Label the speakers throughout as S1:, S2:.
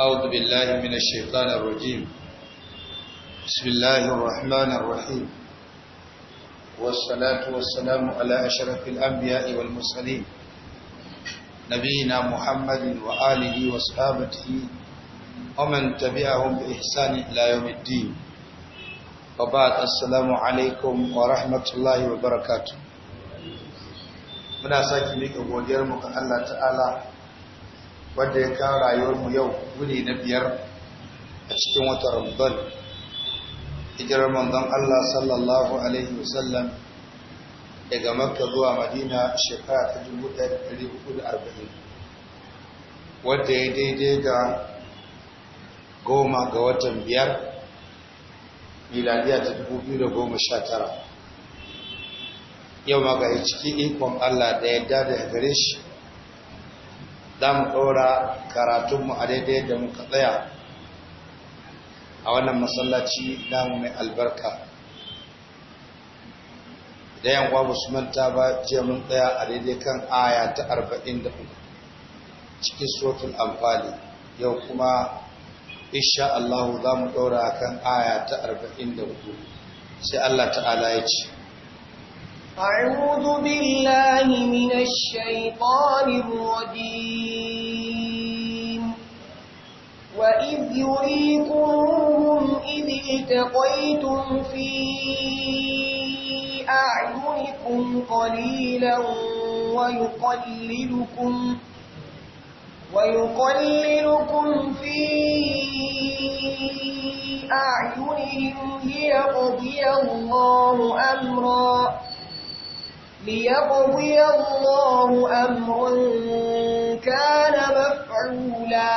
S1: أعوذ بالله من الشيطان الرجيم بسم الله الرحمن الرحيم والصلاة والسلام على أشرف الأنبياء والمرسلين نبينا محمد وآله وصحابته ومن تبعهم بإحسان إلى يوم الدين وبعد السلام عليكم ورحمة الله وبركاته muna saki miƙa godiyarmu ga Allah ta'ala wadda ya kawo rayuwarmu yau wuri na biyar a cikin wata ramadan hijirar manzon Allah sallallahu alaihi wasallam daga makka zuwa madina shekara ta 1440 wadda ya daidai ga goma ga watan biyar miladiya ta 2019 yau ma ga ciki ikon Allah da ya dada gare shi za mu ɗora karatunmu a daidai da muka tsaya a wannan masallaci namu mai albarka da yankwa ba ta ba jiya mun tsaya a daidai kan aya ta 43 cikin sotun amfani yau kuma isha Allah za mu ɗora kan aya ta 44 sai Allah ta'ala ya ce
S2: أعوذ بالله من الشيطان الرجيم وإذ يريكمهم إذ التقيتم في أعينكم قليلا ويقللكم ويقللكم في أعينهم ليقضي الله أمرا ليقضي الله أمرا كان مفعولا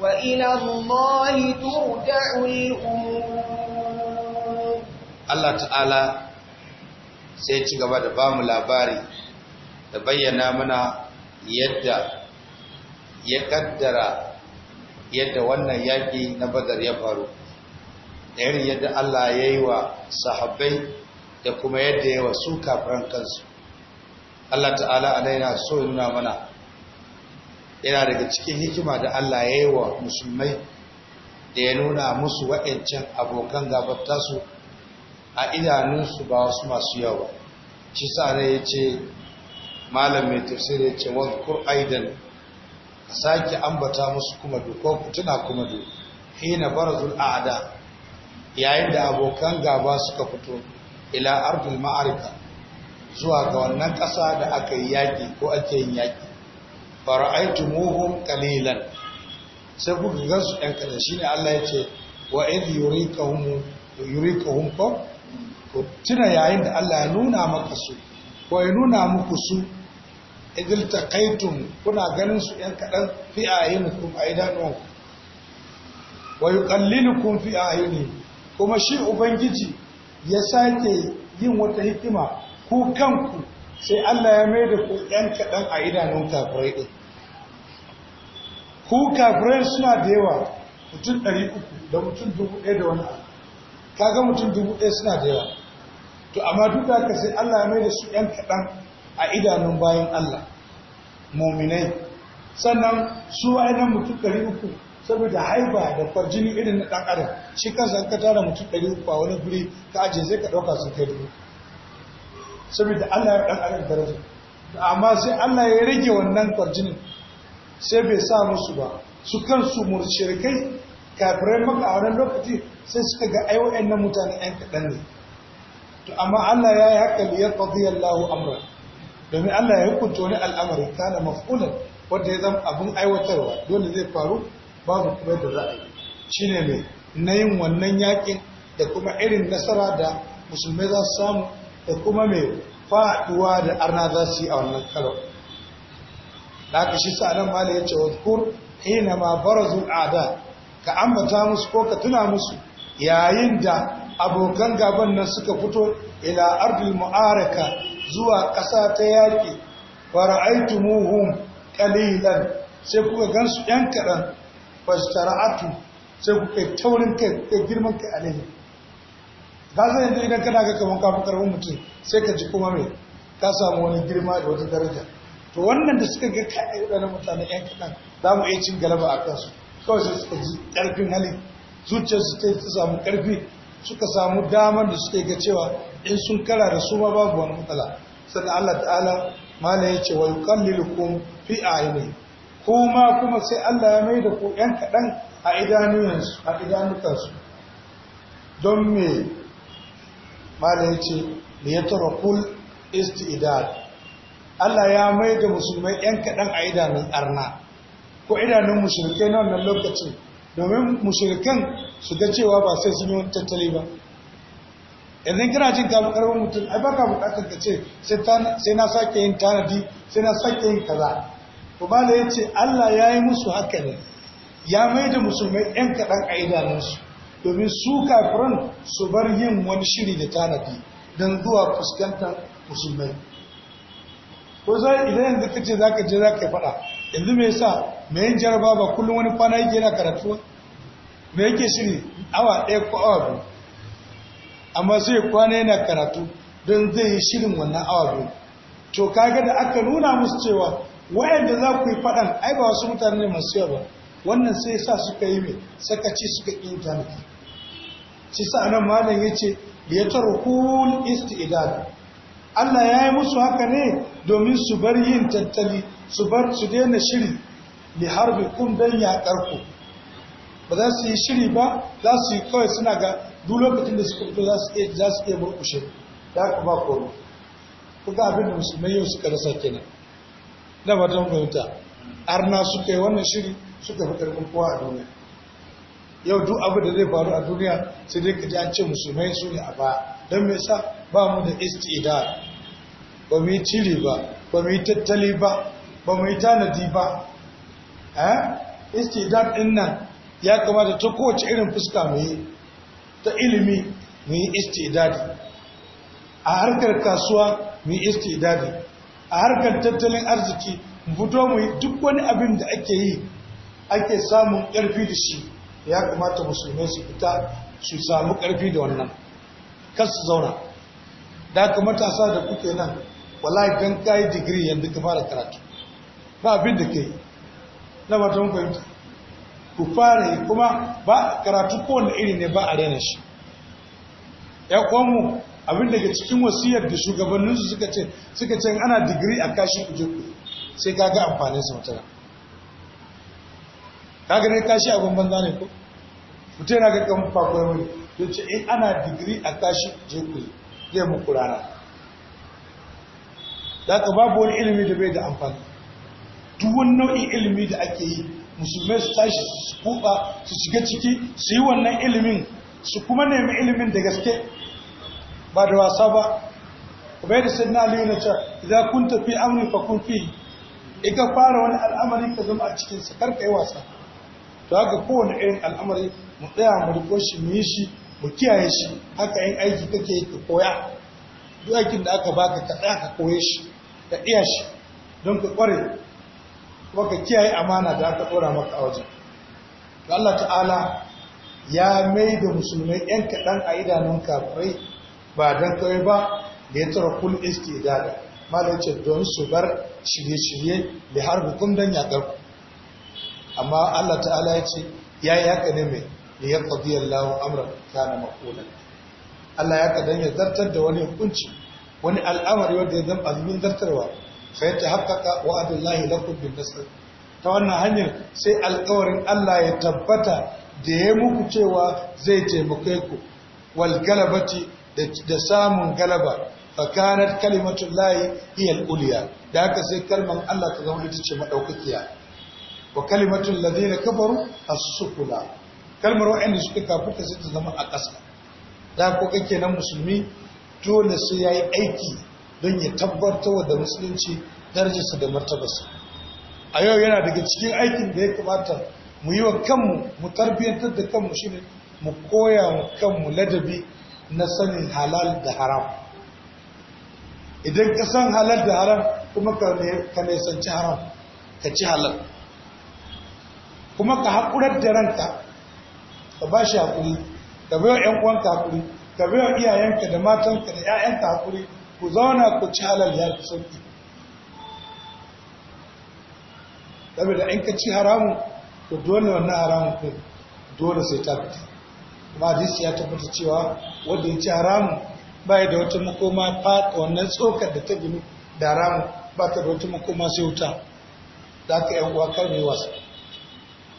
S2: وإلى الله ترجع الأمور
S1: الله تعالى سيتي gaba da bamu labari da bayyana mana yadda ya kaddara yadda wannan yaƙi na bazar ya faru da yadda Allah ya yi wa sahabbai da kuma yadda yawa su kafiran kansu Allah ta'ala daina so nuna mana yana daga cikin hikima da Allah ya yi wa musulmai da ya nuna musu wa'ancan abokan gabata su a idanunsu ba wasu masu yawa shi sa ya ce malam mai tafsir ya ce wadkur aidan a sake ambata musu kuma doko tuna kuma do hina barazul a'da yayin da abokan gaba suka fito ila ardul ma'arifa zuwa ga wannan ƙasa da aka yi yaƙi ko ake yin yaƙi fara'aitu muhum kalilan sai kuka ga su ɗan Shi ne Allah ya ce wa id yurikahum ka ko ko tuna yayin da Allah ya nuna maka su ko ya nuna muku su idil taqaitum kuna ganin su ɗan kaɗan fi ayyukum aidanu wa yuqallilukum fi ayyuni kuma shi ubangiji ya sake yin wata hikima ku kanku sai Allah ya mai da ku ɗan kaɗan a idanun kafirai ɗin. Ku kafirai suna da yawa mutum ɗari uku da mutum dubu ɗaya da wani abu, kaga mutum dubu ɗaya suna da yawa. To, amma duk da haka sai Allah ya mai da su ɗan kaɗan a idanun bayan Allah, mominai. Sannan su ainihin mutum ɗari uku saboda haiba da farjini irin na ɗan adam shi kansa ka tara mutum ɗari uku a wani guri ka ajiye zai ka ɗauka sun kai dubu saboda Allah ya ɗan adam daraja amma sai Allah ya rage wannan kwarjinin sai bai sa musu ba su kansu murshirkai kafirai maka a wannan lokaci sai suka ga ayoyin na mutane ɗan kaɗan ne to amma Allah ya yi haka liyar qadiyallahu amra domin Allah ya hukunta wani al'amari kana maf'ulan wanda ya zama abin aiwatarwa dole zai faru babu kuma da za a yi ne mai na yin wannan yakin da kuma irin nasara da musulmai za su samu da kuma mai faɗuwa da arna za su yi a wannan karo da aka shi sa'adar Mali ya ce kur hina ma barazu ada ka ambata musu ko ka tuna musu yayin da abokan gaban nan suka fito ila ardil mu'araka zuwa ƙasa ta yaƙi muhun ƙalilan sai kuka gansu yan kaɗan fashtara'atu sai ku kai taurin kai kai girman kai alaihi ka san idan kana ga kaman kafin karfin mutum sai ka ji kuma mai ka samu wani girma da wata daraja to wannan da suka ga kai wadannan mutane yan kaɗan za mu iya cin galaba a kansu kawai sai suka ji ƙarfin hali zuciyar su ta samu ƙarfi suka samu damar da yi ga cewa in sun kara da su ma babu wani matsala sannan Allah ta'ala mala ya ce wa yuqallilukum fi ayni kuma kuma sai Allah ya mai da ku ‘yan kaɗan a idanuyansu a don me ya ce da ya tara kul idan. Allah ya mai da musulmai ‘yan kaɗan a idanun arna ko idanun mushrikai na wannan lokacin domin mushrikan su ga cewa ba sai sun yi tattali ba idan kina jin karfin mutum ai baka bukatar ka ce sai na sake yin tanadi sai na sake yin kaza kuma ya ce Allah ya yi musu haka ne ya mai da musulmai 'yan kaɗan a idanunsu domin su kafiran su bar yin wani shiri da tanadi don zuwa fuskantar musulmai ko za idan yanzu ka za ka je za ka faɗa yanzu me sa me yin jaraba ba kullum wani kwana yake yana karatu me yake shiri awa ɗaya ko awa biyu amma sai kwana yana karatu don zai yi shirin wannan awa biyu to kaga da aka nuna musu cewa wayanda za ku yi faɗan ai ba wasu mutane masu yawa wannan sai sa suka yi mai sakaci suka yi intanet shi sa nan malam ya ce liyatar istidad
S2: Allah ya yi musu haka
S1: ne domin su bar yin tattali su bar su daina shiri li harbi kun don ya ku ba za su yi shiri ba za su yi kawai suna ga duk lokacin da suka fito za su iya murƙushe da aka ba ku. kuka abin da musulmai yau suka rasa kenan da matan fahimta arna suka wannan shiri suka fi ƙarfin kowa a duniya yau duk abu da zai faru a duniya sai dai kaji an ce musulmai su ne a ba don me sa ba mu da istidar ba mu yi cire ba ba mu yi tattali ba ba mu yi tanadi ba eh istidar din nan ya kamata ta kowace irin fuska mu yi ta ilimi mu yi istidadi a harkar kasuwa mu yi istidadi a harkar tattalin arziki fito mu duk wani abin da ake yi ake samun ƙarfi da shi ya kamata musulmai su fita su samu ƙarfi da wannan kas zauna da ka matasa da kuke nan wallahi kan kai digiri yadda ka fara karatu ba abin da ke na batun fahimta ku fara yi kuma ba karatu kowane iri ne ba a rena shi ya uwanmu abin daga cikin wasiyar da shugabanninsu suka ce suka ce ana digiri a kashi ku je sai ka ga amfanin sa mutana ka ga ne kashi a gumban zane ko mutum yana ga kan fakwai wani to ce in ana digiri a kashi ku je zai muku rana da ka babu wani ilimi da bai da amfani duk wani nau'in ilimi da ake yi musulmai su tashi su kuɓa su shiga ciki su yi wannan ilimin su kuma nemi ilimin da gaske ba da wasa ba bai da sannan aliyu na ce za kun tafi amri fa kun fi in fara wani al'amari ka zama a cikin sa karka yi wasa to haka kowane irin al'amari mu tsaya mu riko shi mu yi shi mu kiyaye shi haka yin aiki kake ka koya duk da aka baka ka tsaya ka koye shi ka iya shi don ka kware kuma ka kiyaye amana da aka tsora maka a wajen Allah ta'ala ya mai da musulmai ‘yan kaɗan a idanun kafirai ba don kawai ba da ya tara kul istidada Malam ce don su bar shirye-shirye da har hukum don ya ku amma Allah ta'ala ya ce ya yi haka ne mai da ya ƙabi Allah amra na makonan Allah ya ka ya zartar da wani hukunci wani al'amari wanda ya zama azumin zartarwa sai ta haƙaƙa wa'adullahi lakum bin nasr ta wannan hanyar sai alƙawarin Allah ya tabbata da ya muku cewa zai taimake ku wal galabati da samun galaba fakanat kalimatun layi iya uliya da haka sai kalman Allah ta zama ita ce maɗaukakiya wa kalimatun lade na kafaru a sukula kalmar wa'anda suka kafuka sai zama a ƙasa da ko kake nan musulmi dole sai ya yi aiki don ya tabbatar da musulunci darajarsa da martabarsa a yau yana daga cikin aikin da ya kamata mu yi wa kanmu mu tarbiyyantar da kanmu shine mu koya wa kanmu ladabi na sanin halal da haram idan ka san halal da haram kuma ka nesanci haram ka ci halal kuma ka haƙurar da ranka ka ba shi haƙuri ka bai wa 'yan uwanka haƙuri ka bai wa iyayenka da matanka da 'ya'yanka haƙuri ku zauna ku ci halal ya fi sauƙi saboda in ka ci haramu to dole wannan haramun ku dole sai ta fita kuma hadisi ya tabbata cewa wanda ya ci haramun baya da wata makoma fata wannan tsokar da ta gini da haramun ba ta da wata makoma sai wuta za ka yan uwa kar mai wasa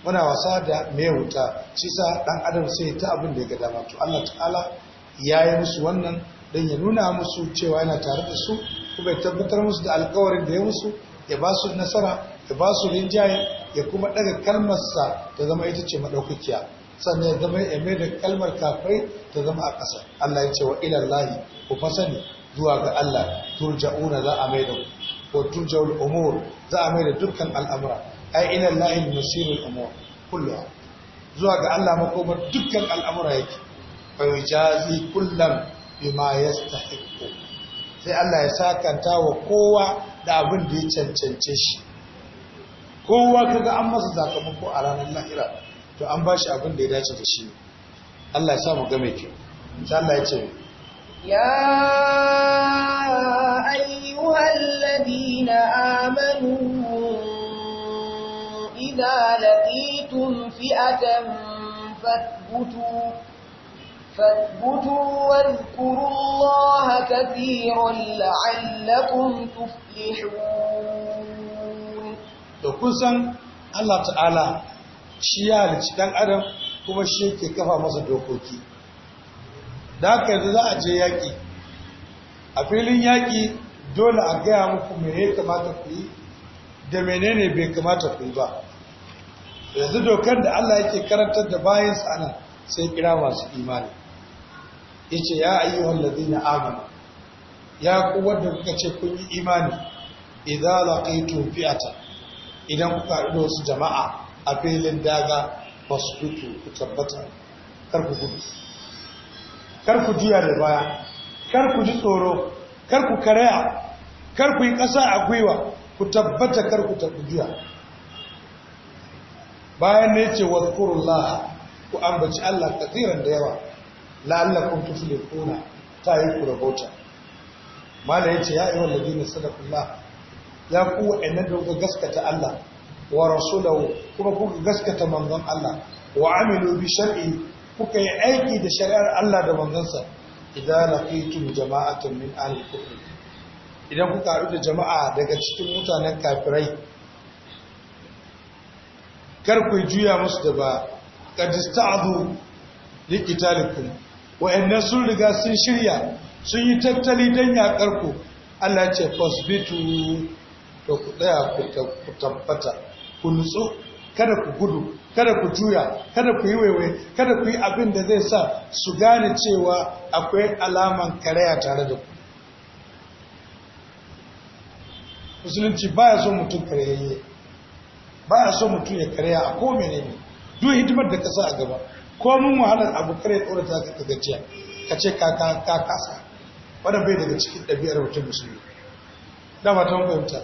S1: muna wasa da mai wuta shi sa dan adam sai ta abin da ya ga dama to Allah ta'ala ya yi musu wannan don ya nuna musu cewa yana tare da su kuma ya tabbatar musu da alkawarin da ya musu ya ba su nasara ya ba su rinjaye ya kuma daga kalmarsa ta zama ita ce maɗaukakiya sannan ya zama ya mai da kalmar kafirai ta zama a ƙasa Allah ya ce wa ilallahi ku fasani zuwa ga Allah turja'una za a mai da ko turja'ul umur za a mai da dukkan al'amura ai ilallahi nusirul umur kulluha zuwa ga Allah makomar dukkan al'amura yake fa yujazi kullam bima yastahiqu sai Allah ya sakanta wa kowa da abin da ya cancance shi kowa kaga an masa zakamako a ranar lahira to an bashi abin da ya dace da shi Allah ya sa mu ga mai kyau insha Allah ya ce
S2: ya ayyuhal ladina amanu idza laqitum fi'atan fathbutu فاتبتوا واذكروا الله كثيرا لعلكم تفلحون
S1: تقول kun san Allah shi ya halici ɗan adam kuma shi ke kafa masa dokoki da haka yanzu za a je yaƙi a filin yaƙi dole a gaya muku mene kamata ku yi da menene bai kamata ku yi ba yanzu dokar da Allah yake karantar da bayan sa'ana sai kira masu imani yace ya wallazi na amanu ya ku wanda kuka ce kun yi imani idza laqitum fi'ata idan kuka haɗu da wasu jama'a a filin daga fasbutu ku tabbata kar gudu kar ku juya da baya kar ji tsoro karku ku karaya kar yi ƙasa a gwiwa ku tabbata karku ku tafi juya bayan ne ce laha ku ambaci Allah kafiran da yawa la'allakum kuna ta yi ku rabota mala yace ya ayyuhal ladina sadaqullah ya ku wa'annan da gaskata Allah wa rasulahu kuma kuka gaskata manzon Allah wa amilu bi shar'i kuka yi aiki da shari'ar Allah da manzonsa idan laqitum jama'atan min ahli kufri idan kuka haɗu da jama'a daga cikin mutanen kafirai kar ku juya musu da ba qad ista'du liqitalikum Wa sun riga sun shirya sun yi tattali dan yaƙarku Allah ce fasbitu to ku tsaya ku tabbata ku nutsu kada ku gudu kada ku juya kada ku yi waiwai kada ku yi abin da zai sa su gane cewa akwai alaman karaya tare da ku musulunci ba ya so mutum karyayye ba ya so mutum ya karya a ko mene ne duk hidimar da ka sa a gaba ko mun wahalar abu kare tsoron ta ka gajiya ka ce ka kasa wadda bai daga cikin ɗabi'ar mutum musulmi dama ta fahimta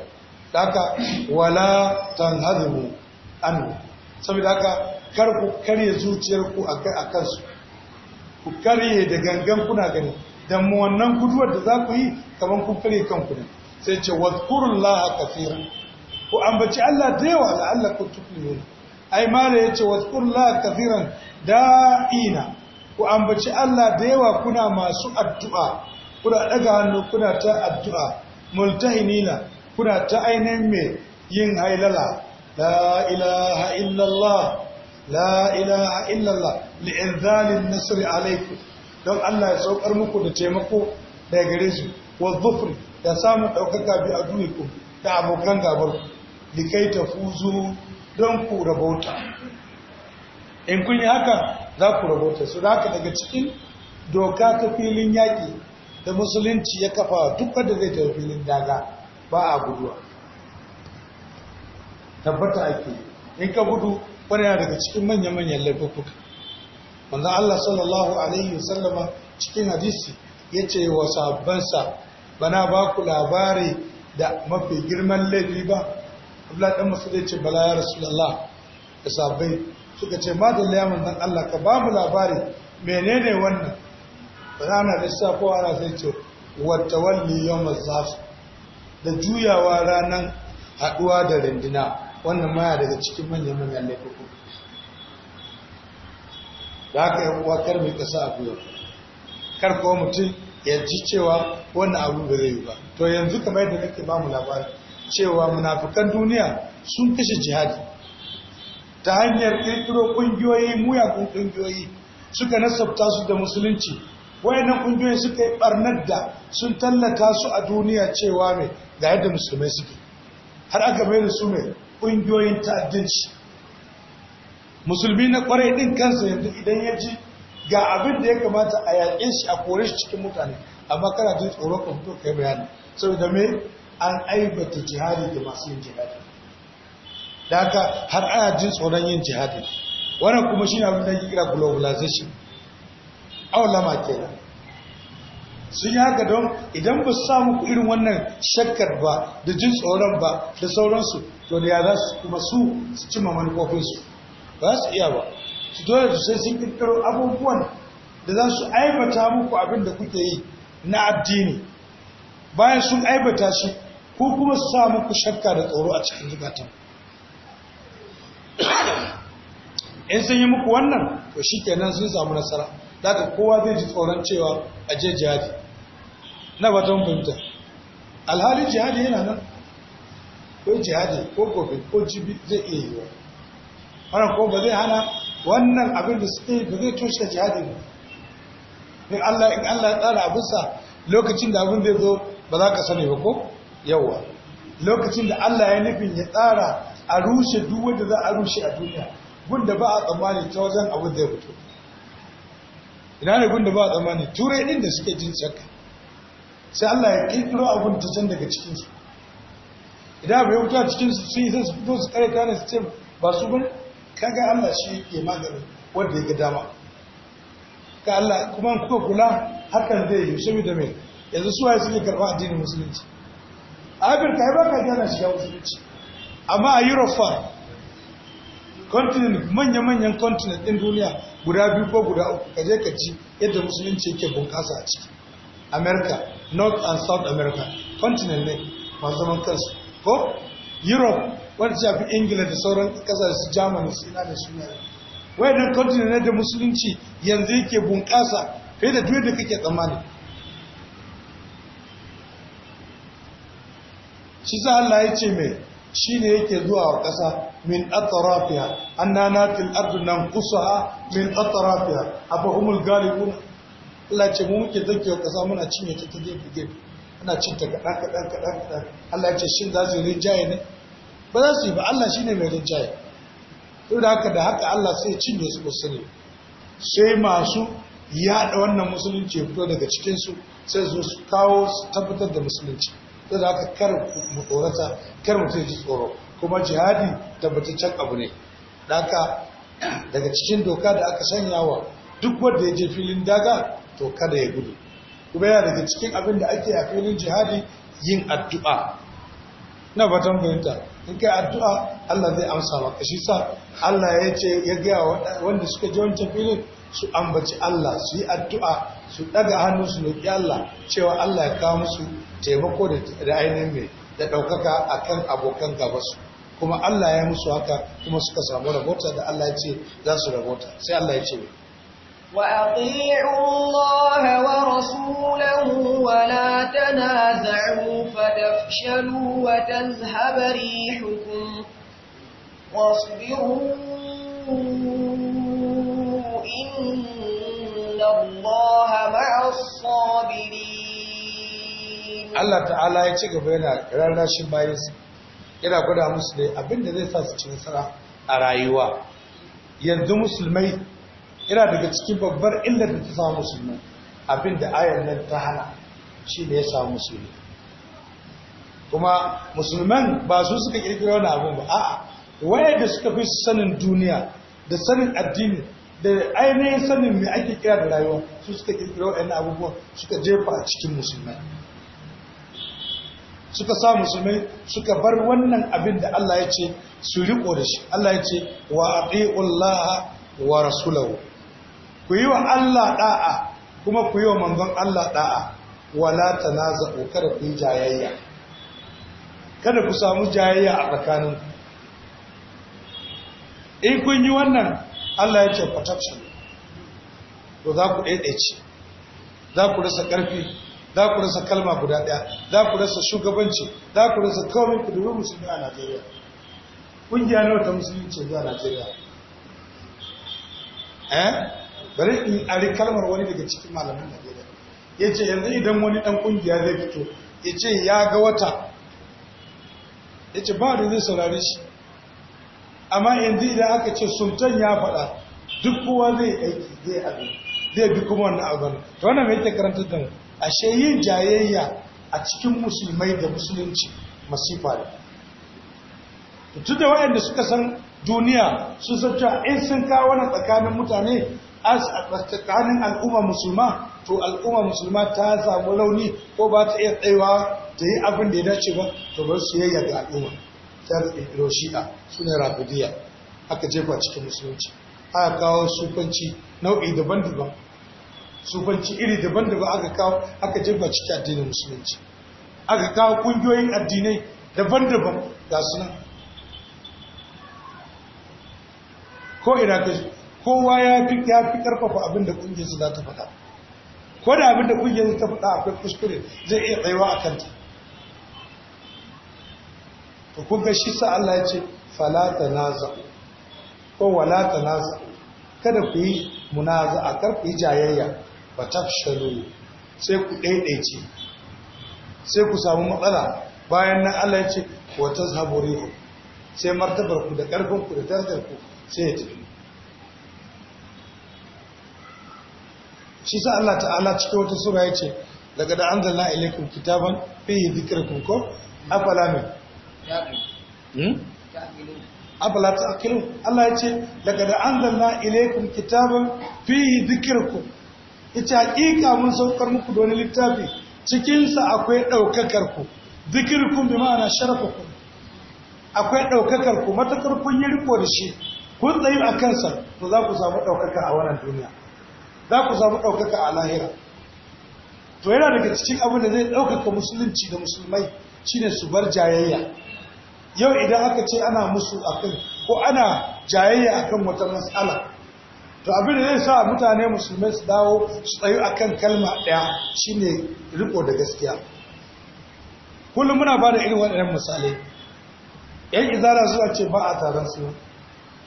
S1: haka wala tanhadhu an saboda haka kar ku karye zuciyar ku akan su ku karye da gangan kuna gani dan mu wannan guduwar da za ku yi kaman ku karye kanku ne sai ce wadhkurullaha kaseeran ku ambaci Allah da yawa ku tuflihun ai mala yace wadhkurullaha kaseeran da'ina ku ambaci Allah da yawa kuna masu addu'a kuna daga hannu kuna ta addu'a multahinina kuna ta ainihin mai yin hailala la ilaha illallah la ilaha illallah li'inzalin nasri alaiku. don Allah ya saukar muku da taimako daga gare su wa zufri da samun ɗaukaka bi a duniku da abokan gabar ku kai ta fuzu don ku rabota in kun yi haka za ku rabota su da haka daga cikin doka ta filin yaƙi da musulunci ya kafa duk wanda zai tafi filin daga ba a guduwa tabbata ake in ka gudu wani daga cikin manya-manyan laifuka wanda Allah sallallahu alaihi wasallama cikin hadisi ya ce wa sabbansa bana ba ku labari da mafi girman laifi ba abla ɗan masu zai ce bala ya rasulallah da sabbai suka ce ma da liyamin dan Allah ka ba mu labari menene wannan bana na lissafowa ana sai ce wata wani yau mazafi da juyawa ranar haduwa da rindina wannan maya daga cikin manyan manyan laifuku. da aka yi kuwa kar mai kasa a gwiwa kar mutum ya ji cewa wannan abu da zai yi ba to yanzu kamar yadda nake ba mu labari cewa munafukan duniya sun kashe jihadi ta hanyar kirkiro kungiyoyi muyagun kungiyoyi suka nasabta su da musulunci wayannan kungiyoyi suka yi barnar da sun tallata su a duniya cewa mai ga yadda musulmai suke har aka mai da su mai ƙungiyoyin ta'addanci musulmi na kwarai ɗin kansa yanzu idan ya ji ga abin da ya kamata a yaƙe shi a kore shi cikin mutane amma kana jin tsoron ka fito kai bayani saboda me an aibata jihadi da masu yin jihadi da haka har ana jin tsoron yin jihadi wannan kuma shi ne abin da ya kira globalization awon lama kenan sun yi haka don idan ba su samu irin wannan shakkar ba da jin tsoron ba da sauransu to da ya za su kuma su su cimma manufofinsu ba su iya ba su dole su sai sun kirkiro abubuwan da za su aibata muku abin da kuke yi na addini bayan sun aibata shi ko kuma su sa muku shakka da tsoro a cikin zukatan in sun yi muku wannan to shi kenan sun samu nasara daga kowa zai ji tsoron cewa a je jihadi na batun fahimta alhali jihadi yana nan ko jihadi ko gobe ko jibi zai iya yiwa wannan ko ba zai hana wannan abin da suke ba zai toshe jihadi ba in Allah in Allah ya tsara sa lokacin da abin zai zo ba za ka sani ba ko yawa lokacin da Allah ya nufin ya tsara a rushe duk wanda za a rushe a duniya gunda ba a tsammani ta wajen abin zai fito ina ne gunda ba tsammani turai din da suke jin shakka sai Allah ya kirkiro abun ta can daga cikin su idan bai wuta cikin su sun yi sai su fito su kare kane su ce ba su bane kaga Allah shi ke magani wanda ya ga dama ka Allah kuma kuka kula hakan zai yi da mai yanzu su waye suke karɓa addinin musulunci yi ba baka gana shiga musulunci amma a Europe fa continent manya-manyan continent ɗin duniya guda biyu ko guda uku ka je ka ci yadda musulunci yake bunƙasa a ciki america north and south america continent ne masu zaman kansu ko europe wanda shafi ingila da sauran su germany su ina da suna wayannan continent ne da musulunci yanzu yake bunƙasa fiye da duk da kake tsammani shi sa Allah ya ce mai shi ne yake zuwa wa ƙasa min atarafiya an natin ardu nan kusa min atarafiya a gari galibun Allah ce mu muke zake wa ƙasa muna cinye ta ta gefe gefe ana cin ta kaɗan kaɗan kaɗan kaɗan Allah ce shin za su rinjaye ne ba za su yi ba Allah shi ne mai rinjaye duk da haka da haka Allah sai cinye su musulmi sai masu yaɗa wannan musulunci ya fito daga cikinsu sai su kawo su tabbatar da musulunci zai da aka kar mu tsorata kar mutum ji tsoro kuma jihadi tabbataccen abu ne daga daga cikin doka da aka sanya wa duk wanda ya je filin daga to kada ya gudu kuma yana daga cikin abin da ake a filin jihadi yin addu'a na fatan fahimta in kai addu'a Allah zai amsa maka shi sa Allah ya ce ya gaya wanda suka je wancan filin su ambaci Allah su yi addu'a su ɗaga hannu su roƙi Allah cewa Allah ya kawo musu taimako da ainihin mai da ɗaukaka a kan abokan gabasu kuma Allah ya musu haka kuma suka samu rabota da Allah ya ce za su rabota sai Allah ya ce
S2: وأطيعوا
S1: Allah ta'ala ya ci gaba yana يتشك بينا yana gwada musulai abinda zai sa su ci nasara a rayuwa yanzu musulmai yana daga cikin babbar illar da ta samu musulmai abinda ayan nan ta hana shi ne ya samu musulmi kuma musulman ba su suka kirkira wani abin ba a'a wayar da suka fi sanin duniya da sanin addini da ainihin sanin mai ake kira da rayuwa su suka kirkiro ɗan abubuwan suka jefa a cikin musulmai suka sa musulmai suka bar wannan abin da Allah ya ce su riko da shi Allah ya ce wa aqiullaha wa rasulahu ku yi wa Allah ɗa'a kuma ku yi wa manzon Allah ɗa'a. da'a na zaɓo kada ku yi jayayya kada ku samu jayayya a tsakaninku in kun yi wannan Allah ya ce protection to za ku ce za ku rasa ƙarfi za ku rasa kalma guda ɗaya za ku rasa shugabanci za ku rasa kawai ku dubi musulmi a Najeriya ƙungiya nawa ta musulmi ce zuwa Najeriya eh bari in ari kalmar wani daga cikin malaman Najeriya ce yanzu idan wani ɗan ƙungiya zai fito ce ya ga wata Ya ce ba da zai saurare shi amma yanzu idan aka ce sultan ya faɗa duk kowa zai aiki zai abu zai bi kuma wannan abin ta wannan mai ta karanta da mu ashe yin jayayya a cikin musulmai da musulunci masifa ne tun da wayanda suka san duniya sun san cewa in sun kawo wani tsakanin mutane a tsakanin al'umma musulma to al'umma musulma ta samu launi ko ba ta iya tsayawa ta yi abin da ya dace ba to bar su ga al'umma ta ga shi'a su ne rafidiyya aka jefa cikin musulunci aka kawo sufanci nau'i daban-daban sufanci iri daban-daban aka kawo aka jefa cikin addinin musulunci aka kawo ƙungiyoyin addinai daban-daban ga su nan ko ina ka kowa ya fi ƙarfafa abin da ƙungiyarsa za ta faɗa ko da abin da ƙungiyarsa ta faɗa akwai kuskure zai iya tsayuwa a kanta kun ga shi sa Allah ya ce falata naza ko wala naza, kada ku yi munaza a kar ku yi jayayya ba tafshalu sai ku daidaice sai ku samu matsala bayan nan Allah ya ce wa tazhabu sai martabar ku da karfin ku da darajar ku sai ya tafi shi sa Allah ta'ala cikin wata sura ya ce daga da zalla ilaykum kitaban fihi zikirkun ko afalamin min Hmm? Hmm? ta akilu Allah ya ce daga da laqad anzalna ilaykum kitaban fihi zikirku ita hakika mun saukar muku da wani littafi Cikinsa akwai daukakar zikirku bi ma'ana sharafukum akwai ɗaukakarku matakar kun yi riko da shi kun tsayi a kansa to za ku samu daukaka a wannan duniya za ku samu daukaka a lahira to yana daga cikin abin da zai daukaka musulunci da musulmai shine su bar jayayya yau idan aka ce ana musu akan ko ana jayayya akan wata matsala to abin da zai sa mutane musulmai su dawo su tsayu akan kalma ɗaya shine riko da gaskiya kullum muna ba da irin waɗannan misalai yan izara zuwa ce ba a taron su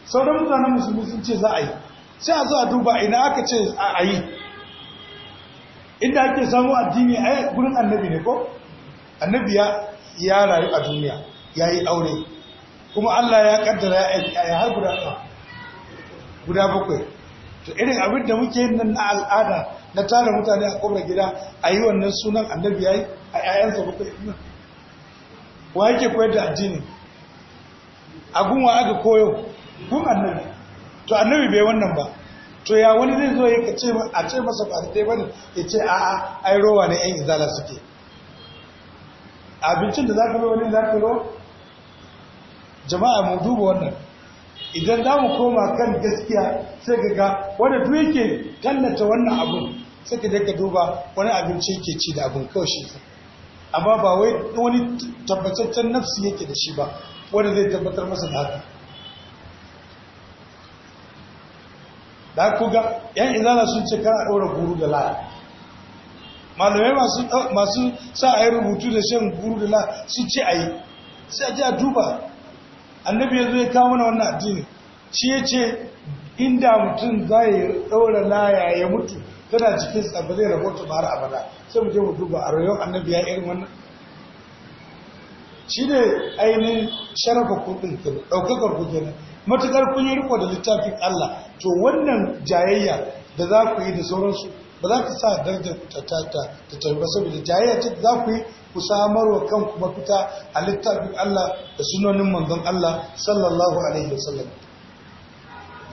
S1: sauran mutanen musulmi sun ce za a yi sai a zuwa duba ina aka ce a yi inda ake samu addini a gurin annabi ne ko annabi ya rayu a duniya ya yi aure kuma Allah ya kaddara ya har guda guda bakwai to irin abin da muke yin nan na al'ada na tara mutane a kobar gida a yi wannan sunan annabi ya yi a 'ya'yansa bakwai ina. wa yake koyar da addini a gunwa aka koyo gun annabi to annabi bai wannan ba to ya wani zai zo ya ce a ce masa ba dai bane ya ce a'a ai rowa ne yan izala suke abincin da zaka bai wani zaka ro jama'a mu duba wannan idan za mu koma kan gaskiya sai ka ga wanda duk yake tallata wannan abun sai ka daga duba wani abinci yake ci da abin kawai shi amma ba wai wani tabbataccen nafsi yake da shi ba wanda zai tabbatar masa da haka da ku ga yan izala sun ce kana ɗaura guru da laya malamai masu sa a yi rubutu da shan guru da laya sun ce a yi sai a ji a duba annabi ya zai ya kawo mana wannan addini shi ya ce inda mutum zai ya laya ya mutu tana cikin ba zai rahoto ba har abada sai mu je mu duba a rayuwar annabi ya irin wannan shi ne ainihin sharafa kuɗin kenan ɗaukakar ku kenan kun yi riko da littafin Allah to wannan jayayya da za ku yi da sauransu ba za ka sa darajar ta ta ta ba saboda jayayya ce za ku yi ku samar wa kanku mafita a littafin Allah da sunonin manzon Allah sallallahu alaihi wasallam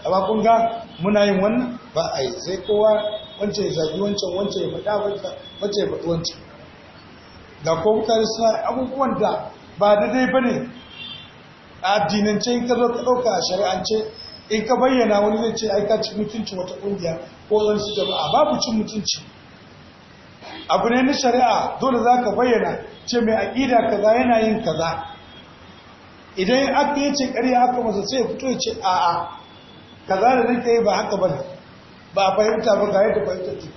S1: amma kun ga muna yin wannan ba a yi sai kowa wancan ya zagi wancan wancan ya faɗa wancan ya faɗi wancan da ko mutane suna abubuwan da ba daidai ba ne a addinance in ka zo ka ɗauka a shari'ance in ka bayyana wani zai ce aika cin mutunci wata ƙungiya ko wani su jama'a babu cin mutunci abu ne na shari'a dole za ka bayyana ce mai aƙida kaza yana yin kaza idan aka yi ce ƙarya aka masa sai fito ce a'a kaza da nake yi ba haka ba ne? ba a fahimta ba ga yadda fahimta ce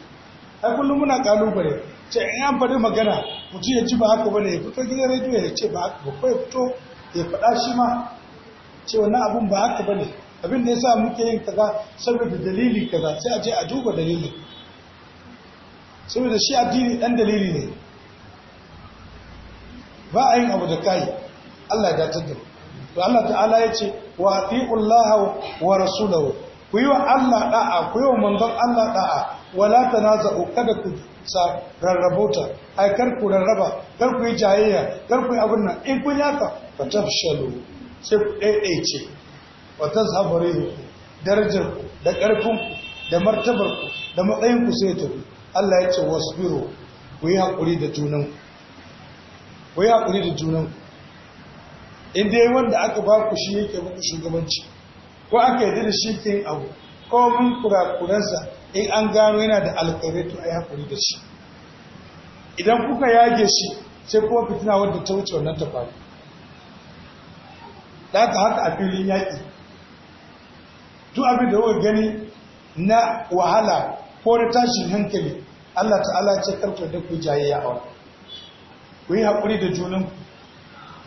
S1: ai kullum muna kalubale ce in an faɗi magana mutum ya ci ba haka ba ne ya fito gidan rediyo ya ce ba haka ba ko ya fito ya faɗa shi ma ce wannan abun ba haka ba ne abin da ya sa muke yin kaza saboda dalili kaza sai a je a duba dalilin saboda shi addini dan dalili ne ba a yin abu da kai Allah ya datar da to Allah ta'ala ya ce wa atiullaha wa rasulawa, ku yi wa Allah da'a ku yi wa manzon Allah da'a wala zaɓo kada ku sa rarrabota ai kar ku rarraba kar ku yi jayayya kar ku yi abin nan in kun yaka fa tafshalu sai ku ce, wa ku darajar ku da ƙarfin, ku da martabar ku da matsayin ku sai tafi Allah ya ce wasu ku yi haƙuri da junan ku yi haƙuri da junan dai wanda aka ba ku shi yake muku shugabanci ko aka yi da shi kin abu ko mun kurakuransa in an gano yana da alƙarai to a yi haƙuri da shi idan kuka yage shi sai kuma fitina wadda ta wuce wannan ta faru da haka haka a filin yaƙi duk abin da kuka gani na wahala ko tashin hankali Allah ta'ala ce karku da ku jayayya a wani ku yi haƙuri da junan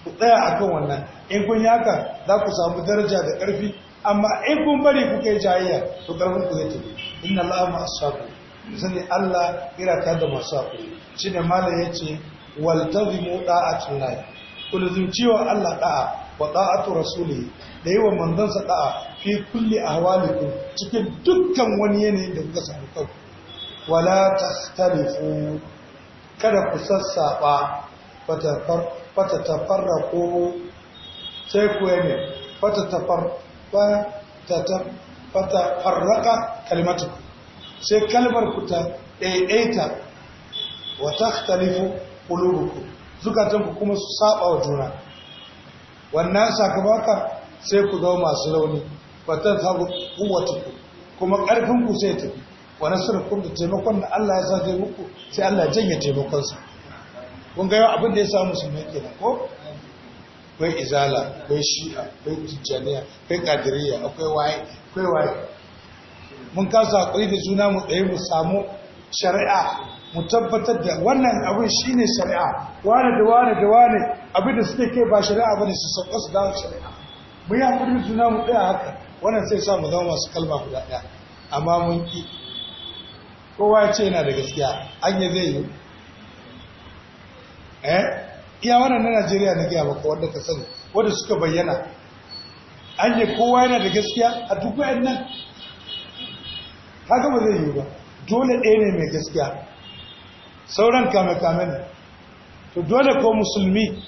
S1: ku tsaya a kan wannan in kun yi haka za ku samu daraja da ƙarfi amma in kun bari kuka yi jayayya to ƙarfin ku zai tafi inna Allah ma asabu zane Allah ira ta da masu haƙuri shi ne mala ya ce waltazimu ku lahi kulzumciwa Allah ɗa'a wa ɗa'atu rasulihi da yi wa manzansa da'a fi kulli ahwalikum cikin dukkan wani yanayi da kuka samu kau wala tastalifu kada ku sassaɓa fata tafarra ko sai ku ne fata tafarraka kalmatu sai kalmar ku ta ɗaiɗaita wa takhtalifu zukatan zukatanku kuma su saba wa juna wannan sakamakon sai ku zama masu rauni fatan haru ku. kuma ƙarfin ku sai tafi wani surukun da taimakon da Allah ya sa zai muku sai Allah janye taimakonsa kun ga abin da ya sa musulmai ke ko akwai izala akwai shi'a akwai tijjaniya akwai kadiriya akwai waye kai waye mun kasa hakuri da juna mu tsaye mu samu shari'a mu tabbatar da wannan abin shine shari'a wane da wane da wane abin da suke kai ba shari'a bane su sauka su dawo shari'a mu yi hankali juna mu ɗaya haka wannan sai sa mu zama masu kalma guda ɗaya amma mun ƙi kowa ya ce yana da gaskiya an yi zai yi eh iya wannan na najeriya na gaya maka wanda ka sani wanda suka bayyana an yi kowa yana da gaskiya a duk wayan nan haka ba zai yi ba dole ɗaya ne mai gaskiya sauran kame-kame ne to dole ko musulmi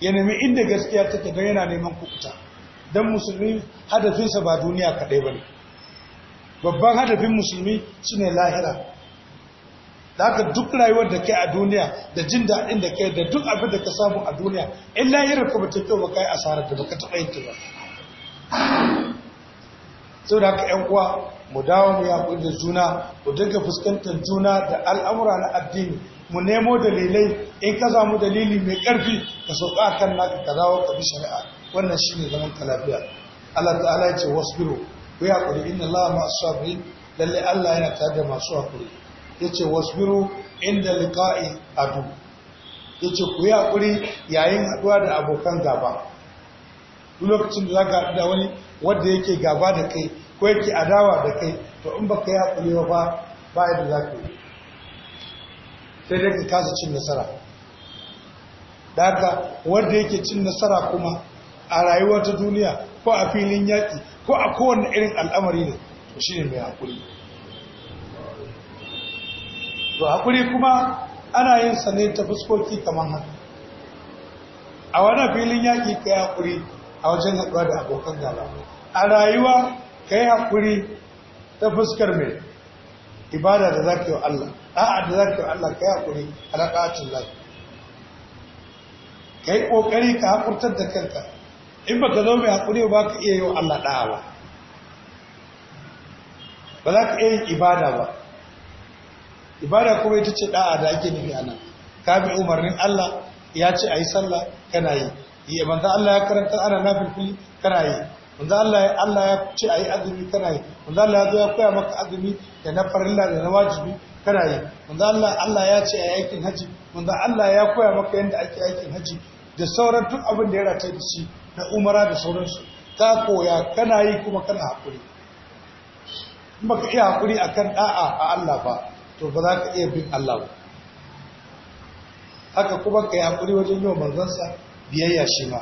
S1: ya nemi inda gaskiya take don yana neman kukuta don musulmi hadafinsa ba duniya kaɗai ba ne babban hadafin musulmi ne lahira da haka duk rayuwar da ke a duniya da jin daɗin da ke da duk abin da ka samu a duniya in lahirar ka bata kyau ba a asarar da baka taɓa yin ba sau da haka ‘yan uwa mu dawo mu yaƙuri da juna mu dinga fuskantar juna da al'amura na addini mu nemo dalilai in ka samu dalili mai ƙarfi ka sauka kan naka ka zawo ka bi shari'a wannan ne zaman ka lafiya Allah ta'ala ya ce wasu biro, ku yi hakuri inda Allah ma sabi lalle Allah yana tare da masu Ya ce wasu biro inda liqa'i adu ce ku yi hakuri yayin haɗuwa da abokan gaba duk lokacin da za ka haɗu da wani wanda yake gaba da kai ko yake adawa da kai to in baka yi hakuri ba ba yadda ka yi sai dai ka kasa cin nasara da haka wanda yake cin nasara kuma a rayuwa ta duniya ko a filin yaƙi ko a kowane irin al'amari ne to shi ne mai haƙuri to haƙuri kuma ana yin sane ta fuskoki kamar haka a wani filin yaƙi ka yi haƙuri a wajen haɗuwa da abokan gaba a rayuwa ka yi haƙuri ta fuskar mai ibada da za ka yi wa Allah ɗa'a da za ka yi wa Allah ka yi haƙuri a raƙatun lafi ka yi ƙoƙari ka haƙurtar da kanka in ba ka zo mai haƙuri ba ka iya yi wa Allah ɗaya ba ba za ka iya yin ibada ba ibada kuma ita ce ɗa'a da ake nufi a nan ka bi umarnin Allah ya ce a yi sallah kana yi yi manzo Allah ya karanta ana nafilfili kana yi Allah ya ce a yi azumi kana yi manzo Allah ya zo ya koya maka azumi da na farilla da na wajibi kana yi manzo Allah Allah ya ce a yi aikin haji Allah ya koya maka yadda ake aikin haji da sauran duk abin da ya rata da shi na umara da sauransu ta koya kana yi kuma kana haƙuri in ka iya haƙuri kan ɗa'a a Allah ba to ba za ka iya bin Allah ba haka kuma ka yi haƙuri wajen yau manzansa biyayya shi ma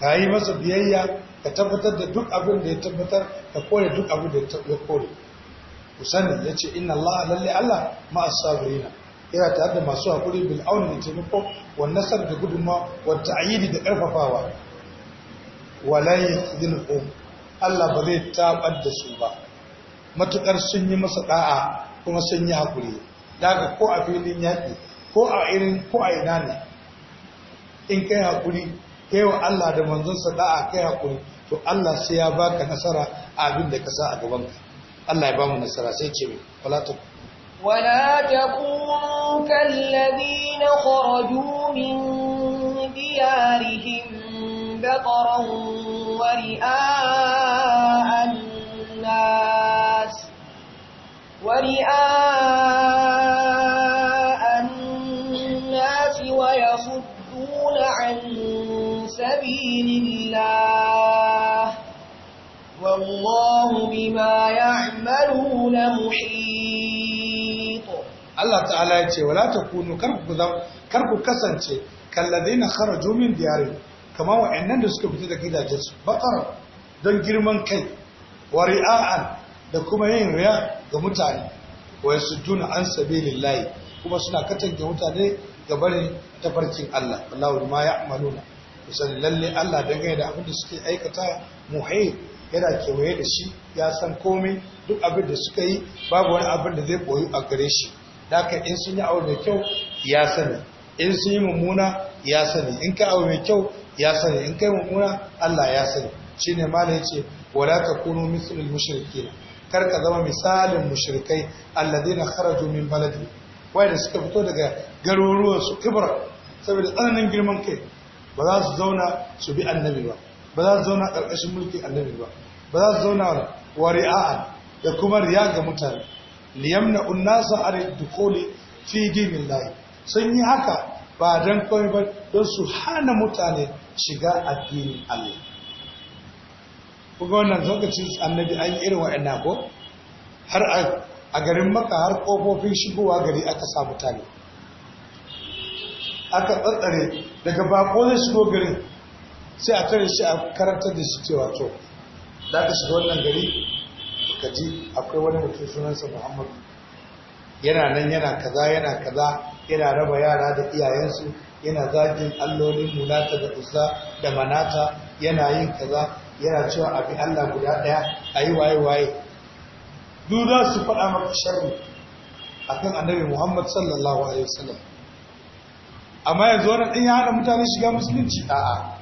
S1: ka yi masa biyayya ka tabbatar da duk abin da ya tabbatar ka kore duk abin da ya kore ku ya ce inna Allah lalle Allah ma'as sabirina yana tare da masu haƙuri bil auni da taimako wa nasar da gudunma wa ta'ayyidi da ƙarfafawa wala Allah ba zai tabar da su ba matukar sun yi masa da'a kuma sun yi hakuri daga ko a filin yaƙi ko a irin ko a ina ne in kai hakuri kai wa Allah da sa da'a kai hakuri to Allah sai ya baka nasara a abin da ka sa a gaban ka. Allah ya bamu nasara sai ce mai wala ta
S2: ولا تكونوا كالذين خرجوا من ديارهم ورئاء الناس ورئاء الناس ويصدون عن سبيل الله والله بما يعملون محيط
S1: الله تعالى يقول ولا تكونوا كرب كرب كسنتي كالذين خرجوا من ديارهم kamar wa'annan da suka fita da gidajensu batar don girman kai wa ri'a'an da kuma yin riya ga mutane wa duna an lillahi kuma suna katange mutane ga barin tafarkin Allah wallahu ma ya'maluna kusan lalle Allah dangane da abin da suke aikata muhayyi yana kewaye da shi ya san komai duk abin da suka yi babu wani abin da zai koyi a gare shi haka in sun yi abu mai kyau ya sani in sun yi mummuna ya sani in ka abu mai kyau ya sani in kai mummuna Allah ya sani shine malai yace wala takunu mithlul mushrikin kar ka zama misalin mushrikai alladina kharaju min baladi da suka fito daga garuruwan su kibra saboda tsananin girman kai ba za su zauna su bi annabi ba ba za su zauna karkashin mulki annabi ba ba za su zauna a ri'a'an da kuma riya ga mutane liyamna unnasa ar dukhuli fi dinillahi sun yi haka ba don kawai ba don su hana mutane shiga addinin Allah kuga wannan lokacin annabi an yi irin waɗannan ko har a garin maka har kofofin shigowa gari aka sa mutane aka tsatsare daga bako zai shigo gari sai a tare shi a karantar da shi cewa to za ka shiga wannan gari Kaji akwai wani mutum sunansa muhammadu yana nan yana kaza yana kaza yana raba yara da iyayensu yana zagin allolin munata da usa da manata yana yin kaza yana cewa abin Allah guda ɗaya a yi waye-waye duk za su faɗa maka sharri a kan annabi muhammad sallallahu alaihi wasallam amma yanzu wani ɗin ya haɗa mutane shiga musulunci a'a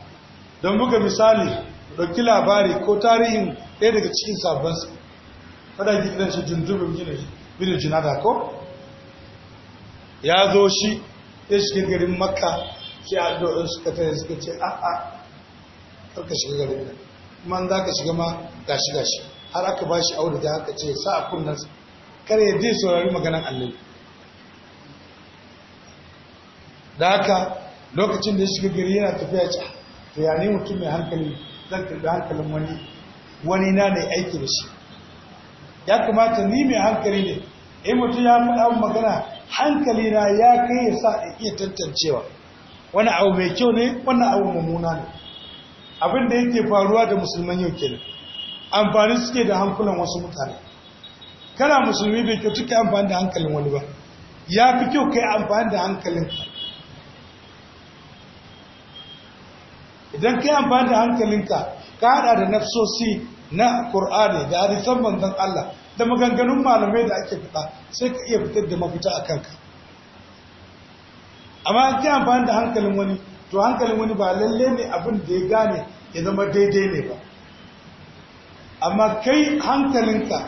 S1: don buga misali ɗauki labari ko tarihin ɗaya daga cikin sabon faɗa gidan shi jundubin gina jinada ko ya zo shi ya shiga garin makka sai addu'o'in suka tare suka ce a'a karka shiga garin nan man za ka shiga ma gashi gashi har aka ba shi da aka ce sa a kunnansa kare ya je saurari maganan allai. da haka lokacin da ya shiga gari yana tafiya ci to ya ne mutum mai hankali zan karbi hankalin wani wani na ne aiki da shi ya kamata ni mai hankali ne in mutum ya faɗa magana hankali na ya kai ya sa in iya tantancewa wani abu mai kyau ne wannan abu mummuna ne abin da yake faruwa da musulman yau kenan amfani suke da hankulan wasu mutane kana musulmi bai kyau suke amfani da hankalin wani ba ya fi kyau kai amfani da hankalinka idan kai amfani da hankalinka ka hada da nafsosi na Kur'ani da hadisan manzon Allah ta maganganun malamai da ake fita sai ka iya fitar da mafita a kanka amma an kiyan amfani da hankalin wani to hankalin wani ba lalle ne abin da ya gane ya zama daidai ne ba amma kai hankalinka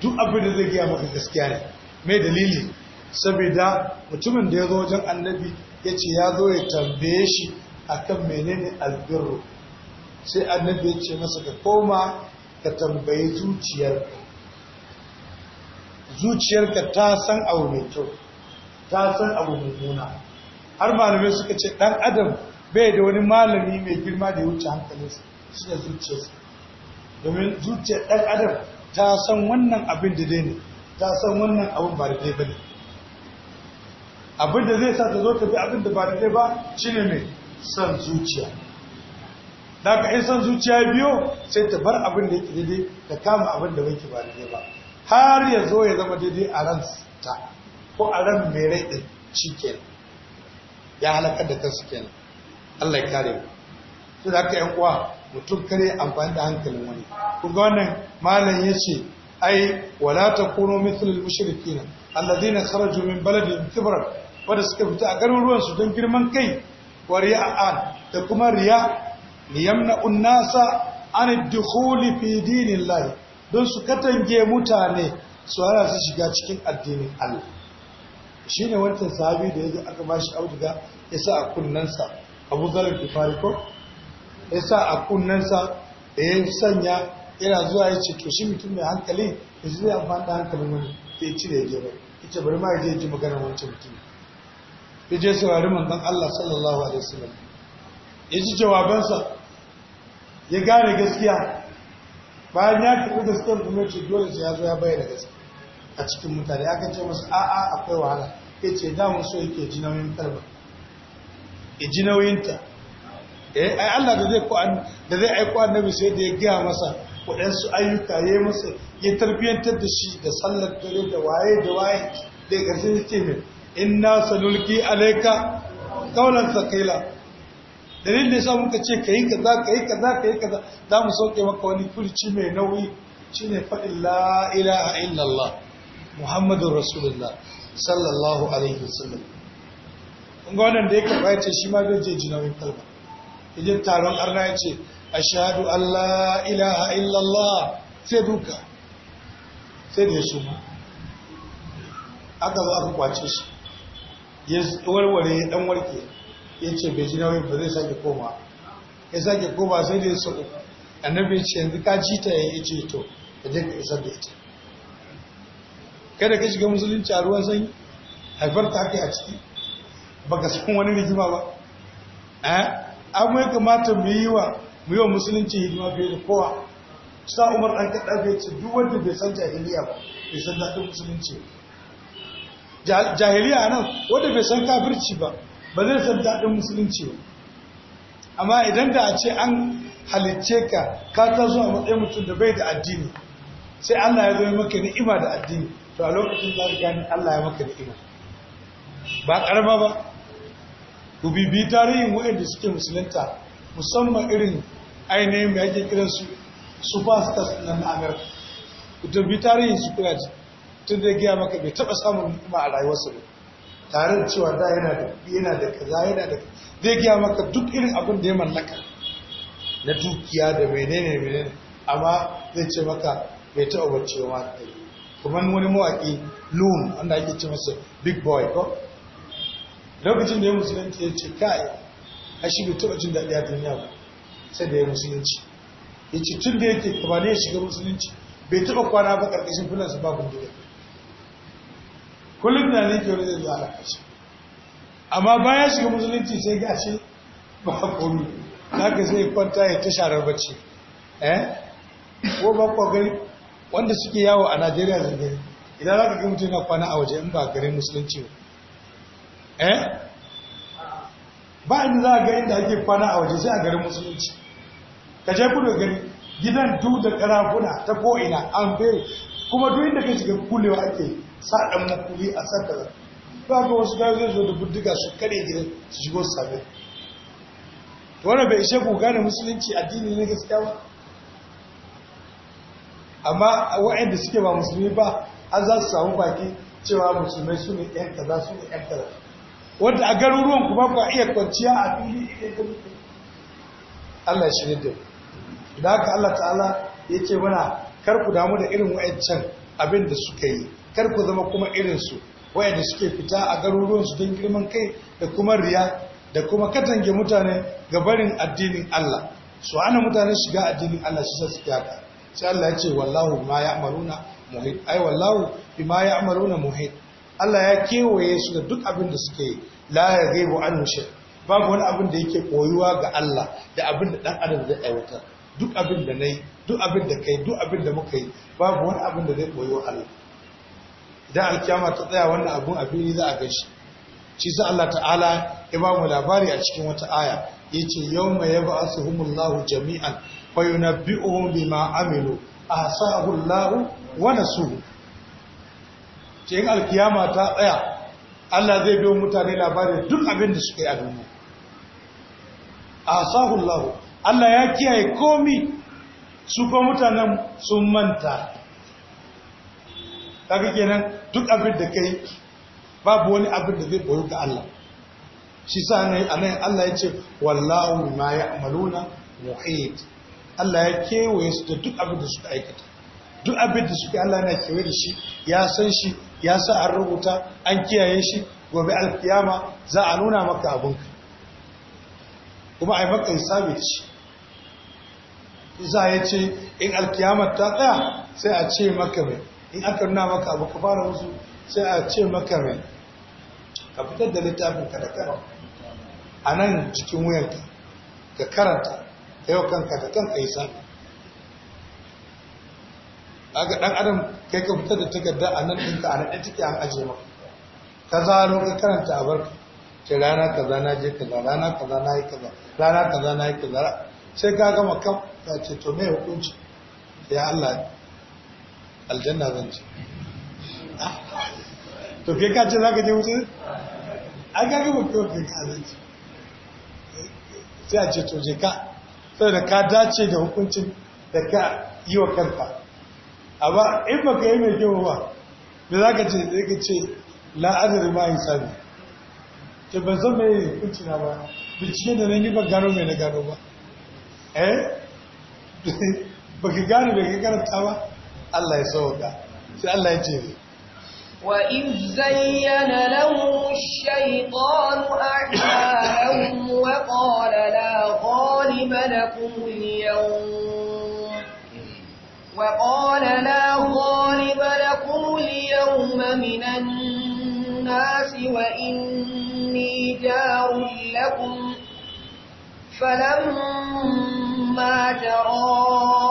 S1: duk abin da zai gaya maka gaskiya ne mai dalili saboda mutumin da ya zo wajen annabi ya ce ya zo ya tambaye shi akan menene albirru sai annabi ya ce masa ka koma ka tambayi zuciyarka zuciyarka ta san abu mai kyau ta san abu nuna har malamai suka ce dan adam bai da wani malami mai girma da ya wuce hankalinsa shi da zuciyarsa domin zuciyar dan adam ta san wannan abin da dai ne ta san wannan abin ba da dai ba ne abin da zai sa ta zo ta bi abin da ba da dai ba ne mai san zuciya da ka in san zuciya biyo sai ta bar abin da yake daidai da kama abin da bai ba daidai ba har ya zo ya zama daidai a ran ta ko a ran mai rai da shikenan ya halakar da kansu kenan Allah ya kare mu to da ka yan uwa mutum kare amfani da hankalin wani kun ga wannan malam yace ai wala takunu na mushrikina alladhina kharaju min baladin kibran wadda suka fita a garuruwansu don girman kai wa riya'an da kuma riya liyamna'u an-nasa unnasa ad-dukhuli fi dinillahi don su katange mutane su hana su shiga cikin addinin Allah shine wancan sahabi da yaji aka bashi auduga yasa a kunnansa Abu Zar bin Fariko ko yasa a kunnansa da ya sanya yana zuwa ya ce to shi mutum mai hankali ya zai amfani da hankalin wani sai cire ya je bai ita bari ma ya je ji maganar wancan mutum ya je saurari manzon Allah sallallahu alaihi wasallam ya ji jawabansa ya gane gaskiya bayan ya karɓi gaskiyar kuma ce dole sai ya zo ya bayyana gaskiya a cikin mutane akan ce masu a'a akwai wahala ya ce damun so yake ji nauyin karba ya ji ta eh ai Allah da zai ko da zai aiko annabi sai da ya gaya masa waɗansu ayyuka ya masa ya tarbiyyantar da shi da sallar dare da waye da waye da ya ƙarshe ya ce mai inna sanulki alaika kaulan sakila Dalil ne yasa muka ce kai kaza kai kaza kai kaza za mu sauke maka wani furci mai nauyi shine faɗin la ilaha illallah muhammadur rasulullah sallallahu alaihi wasallam kun ga wannan da ya karɓa ya ce shi ma zai je ji nauyin kalma yaje taron arna ya ce ashhadu an la ilaha illallah sai duka sai da shi aka zo aka kwace shi ya warware dan warke ya ce bai ji nauyin ba zai sake koma ya sake koma sai da ya so annabi ce yanzu ka ji ta ya ce to ka je ka isar da ita kada ka shiga musulunci a ruwan sanyi haifar ta haka a ciki ba ka san wani rigima ba eh amma ya kamata mu yi wa mu yi wa musulunci hidima fiye da kowa sa umar an kaɗa bai ce duk wanda bai san jahiliya ba bai san daɗin musulunci jahiliya nan wanda bai san kafirci ba ba zai san daɗin musulunci ba amma idan da a ce an halicce ka ka taso a matsayin mutum da bai da addini sai Allah ya zo maka ni'ima da addini to a lokacin da ka gani Allah ya maka ni'ima ba karama ba ku bibi tarihin waɗanda suke musulunta musamman irin ainihin mai ake kiran su superstars na Amurka, ku tabbi tarihin su kuna tun da gaya maka bai taɓa samun ni'ima a rayuwarsa ba tare da cewa da yana da kuɗi yana da kaza yana da zai giya maka duk irin abin da ya mallaka na dukiya da menene menene amma zai ce maka bai taɓa bacci ba ma kamar wani mawaƙi loon wanda ake ce masa big boy ko lokacin da ya musulunci ya ce kai a shi bai taɓa jin daɗi a duniya ba sai da ya musulunci ya ce tun da yake kamar ne ya shiga musulunci bai taɓa kwana ba ƙarƙashin su ba bindiga kullum na ne kyau zai zara kashi amma bayan shiga musulunci sai gashi ba komi za ka sai kwanta ya ta sharar bacci eh ko ba kogari wanda suke yawo a najeriya zai idan za ka ga mutum na kwana a waje in ba garin musulunci ba eh ba inda za a ga inda ake kwana a waje sai a garin musulunci ka je kudu gari gidan du da karafuna ta ko'ina an fere kuma duk inda ka shiga kulewa ake sa ɗan makuli a sa kaza ba ga wasu gari zai zo da buddiga su kare gida su shigo su to wannan bai ishe ku gane musulunci addini ne gaskiya ba amma waɗanda suke ba musulmi ba an za su samu baki cewa musulmai su ne ƴan kaza su ne ‘yan kaza wanda a garuruwan ku ba ku iya kwanciya a fili Allah shirya da da haka Allah ta'ala ya ce mana kar ku damu da irin wa'ancan abin da suka yi kar ku zama kuma irinsu wayanda suke fita a garuruwansu don girman kai da kuma riya da kuma katange mutane ga barin addinin Allah su ana mutane shiga addinin Allah shi sa su haka sai Allah ya ce wallahu ma ya'maluna muhit ai wallahu bima ya'maluna muhit Allah ya kewaye su da duk abin da suke yi la ya gaibu an shi babu wani abin da yake koyuwa ga Allah da abin da dan adam zai aiwatar duk abin da nayi duk abin da kai duk abin da muka yi babu wani abin da zai koyo Allah da alkiyama ta tsaya wannan abun a fili za a ga shi shi sa Allah ta'ala ya ba mu labari a cikin wata aya yace yawma yab'athuhumullahu jami'an fa yunabbi'uhum bima amilu ahsahu Allah wa nasuhu cikin alkiyama ta tsaya Allah zai biyo mutane labari duk abin da suka yi a duniya ahsahu Allah Allah ya kiyaye komi su ko mutanen sun manta kaga kenan duk abin da kai babu wani abin da zai boyu ga Allah shi sa ne anan Allah ya ce wallahu ma ya'maluna muhit Allah ya kewaye su da duk abin da suka aikata duk abin da suka Allah na kewaye da shi ya san shi ya sa an rubuta an kiyaye shi gobe alkiyama za a nuna maka abin ka. kuma ai maka hisabi da shi za ya ce in alkiyama ta tsaya sai a ce maka mai in aka nuna maka abu ka fara musu sai a ce maka rai ka fitar da littafin ka da kan a nan cikin wuyanka ka karanta ka yau kanka da kanka yi sami ga ɗan adam kai ka fitar da takarda a nan ɗinka a nan ɗin ciki an ajiye maka ka za a ka karanta a barka ce rana kaza na je kaza rana kaza na yi kaza rana kaza na yi kaza sai ka gama kam ka ce to me hukunci ya Allah aljanna zan ce to ke ka ce za ka je wuce an gaga mutuwar ke ka zan ce sai a ce to je ka da ka dace da hukuncin da ka yi wa kanka amma in ba ka yi mai kyau ba da za ka ce da ka ce la'adar ma yi sami ke ban san mai hukunci na ba bincike da na yi ba gano mai na gano ba eh ba ka gano mai ka karanta ba الله ya sauka sai Allah ya
S2: وَإِذْ زَيَّنَ لَهُمُ الشَّيْطَانُ أَعْمَالَهُمْ وَقَالَ لَا غَالِبَ لَكُمُ الْيَوْمَ وَقَالَ لَا غَالِبَ لَكُمُ الْيَوْمَ مِنَ النَّاسِ وَإِنِّي جَارٌ لَكُمْ فَلَمَّا تَرَاءَى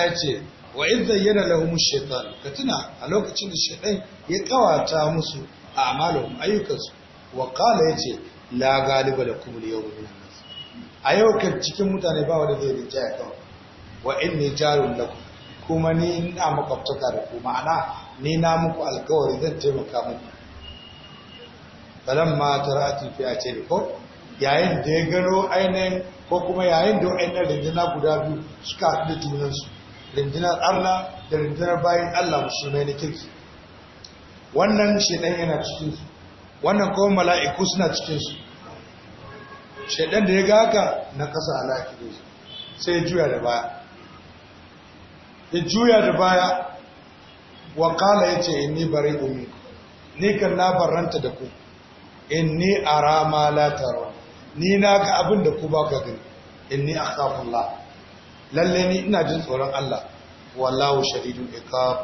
S1: Allah ya ce wa idza yana lahum shaitan ka tuna a lokacin da shaitan ya kawata musu a amalahum ayyukansu wa qala yace la galiba lakum al-yawma min nas a yau kan cikin mutane ba wanda zai rinja ya kawo wa inni jarun lakum kuma ni ina makwabtaka da ku ma'ana ni na muku alkawari zan taimaka muku falamma a ce ko yayin da ya gano ainihin ko kuma yayin da ainihin rinjina guda biyu suka haɗu da junansu rindinar arna da rindinar bayan Allah mai na kirki wannan shaidan yana cikinsu wannan kuma mala'iku suna cikinsu shaidan da ya ga haka na kasa alaƙi sai ya juya da baya ya juya da baya wa ya ce inni bari umi ni kan labaranta da ku inni arama rama taro ni na ga abin da ku ba ka gani inni la’a lalle ni ina jin tsoron Allah wallahu shadidul iqab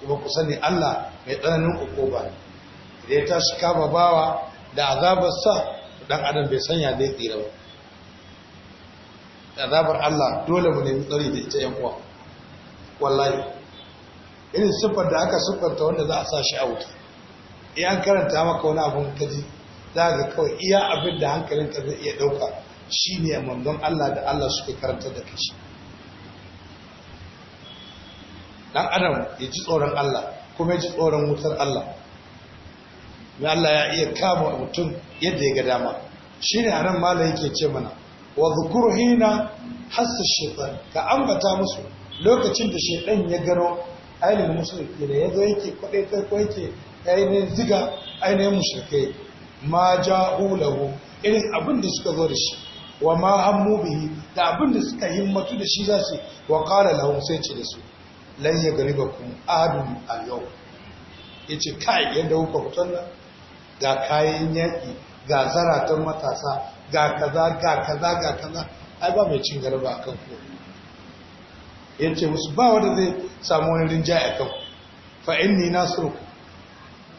S1: kuma ku sani Allah mai tsananin ukuba ne da ya tashi kama bawa da azabar sa dan adam bai sanya zai tsira ba azabar Allah dole mu nemi tsari da ita yan uwa wallahi irin siffar da aka siffarta wanda za a sa shi a wuta in karanta maka wani abun kaji za ga kawai iya abin da hankalinka zai iya ɗauka shi ne manzon Allah da Allah suke karanta da kashi dan adam ya ji tsoron Allah kuma ya ji tsoron wutar Allah mai Allah ya iya kama mutum yadda ya ga dama a anan mala yake ce mana wa dhkur hina hassa shaytan ka ambata musu lokacin da shekar ya gano ainihin musulki ne yazo yake kai kwa yake ainihin ziga ainihin mushrikai ma ja hulahu. irin abin da suka zo da shi wa ma hammu bihi da abin da suka himmatu da shi za su wa ƙara lahun sai ce da su lan ya ba kun adun al ya ce kai yadda kuka fitan nan ga kayan yaki ga zaratan matasa ga kaza ga kaza ga kaza ai ba mai cin garba akan ku ce musu ba wanda zai samu wani rinjaye akan ku fa inni nasruku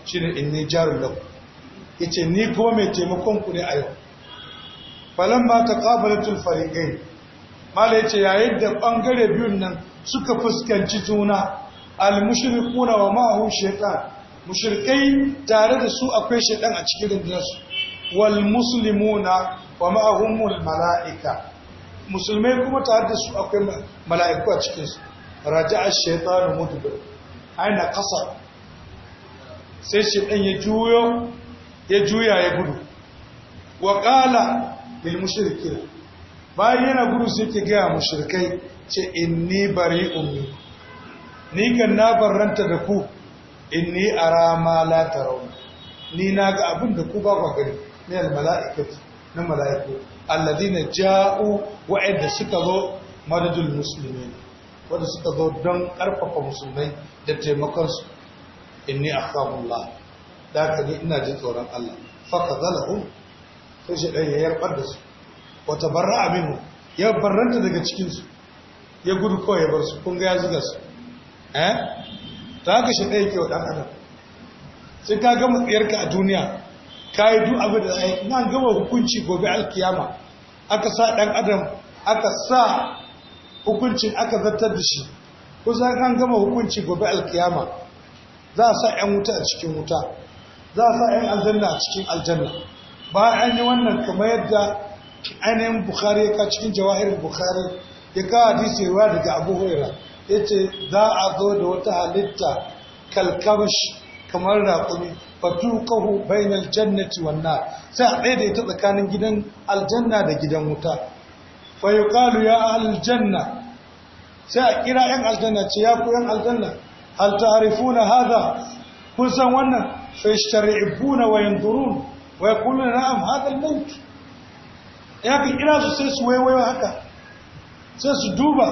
S1: shine inni jarul Ya ce ni kuma mai taimakon ku ne a yau Falon ba ta tun taqabalatul gai mala yace yayin da ɓangare biyun nan suka fuskanci juna al-mushrikuna wa ma'ahu shaytan mushrikai tare da su akwai shaytan a cikin rundunarsu wal muslimuna wa ma'ahumul mala'ika musulmai kuma tare da su akwai mala'iku a cikin su raja'a shaytanu mudbir aina qasa sai shaytan ya juyo ya juya ya gudu wa qala lil mushrikin bayan yana gudu sai ke gaya mashirkai ce ni bari minkum ni kan na barranta da ku in ni a rama latarau ni na ga abin da ku ba kwa gari ne al na mala'iku alladina ja'u wa'anda suka zo madadin musulmi wadda suka zo don karfafa musulmai da taimakon su inni akhafullah da ka ni ina ji tsoron Allah fa kazalahum sai shi ɗaya ya yarbar da su wata barra abinu ya barranta daga cikinsu ya gudu kawai ya bar su kunga ya zuga su eh ta haka shi ɗaya kyau ɗan adam sai ka gama tsayarka a duniya ka yi duk abin da yi. na gama hukunci gobe alkiyama aka sa ɗan adam aka sa hukuncin aka zartar da shi kusa kan gama hukunci gobe alkiyama za a sa 'yan wuta a cikin wuta za a sa 'yan aljanna a cikin aljanna Ba an yi wannan kamar yadda ainihin bukhari ya ka cikin jawahirin bukhari ya ka hadisi ruwa daga abu huraira ya ce za a zo da wata halitta kalkamashi kamar raƙumi fatu kahu bainal jannati wannan sai a ɗaya da ita tsakanin gidan aljanna da gidan wuta fa yuqalu ya aljanna sai a kira yan aljanna ce ya ku yan aljanna hal na hadha kun san wannan fa yashtari'una wa yanzurun wa yaquluna na'am hadha al-maut ya fi kira su sai su waiwaiwa haka sai su duba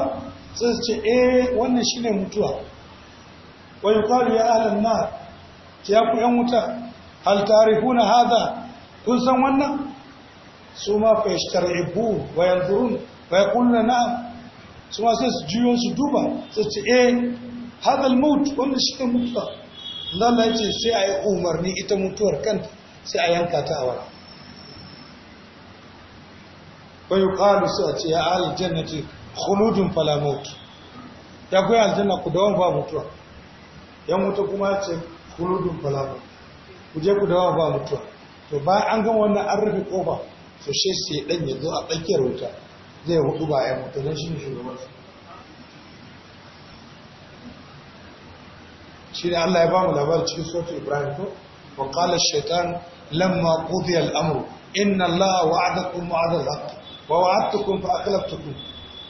S1: sai su ce eh wannan shi ne mutuwa wa yuqalu ya ahlan nar ce ya ku wuta hal tarifuna hadha kun san wannan su ma fa yashtaribu wa yanzurun wa yaquluna na'am su ma sai su juyo su duba sai su ce eh hadal al wannan shi ne mutuwa Allah ya ce sai a yi umarni ita mutuwar kanta sai a yanka ta a wara bai ƙalu su a ce ya alin jannati khuludun falamot ya kuwa aljanna ku dawon ba mutuwa yan wuta kuma ya ce khuludun falamot ku je ku dawon ba mutuwa to bayan an gama wannan an rufe ƙofa to shi sai ɗan ya zo a tsakiyar wuta zai hudu ba ya mutu don shi ne shi shugaban shi ne Allah ya ba mu labarin cikin sautin Ibrahim ko wa qala ash lamma qudiya al-amru inna Allah wa'adakum wa'ada al-haqq wa wa'adtukum fa akhlaftukum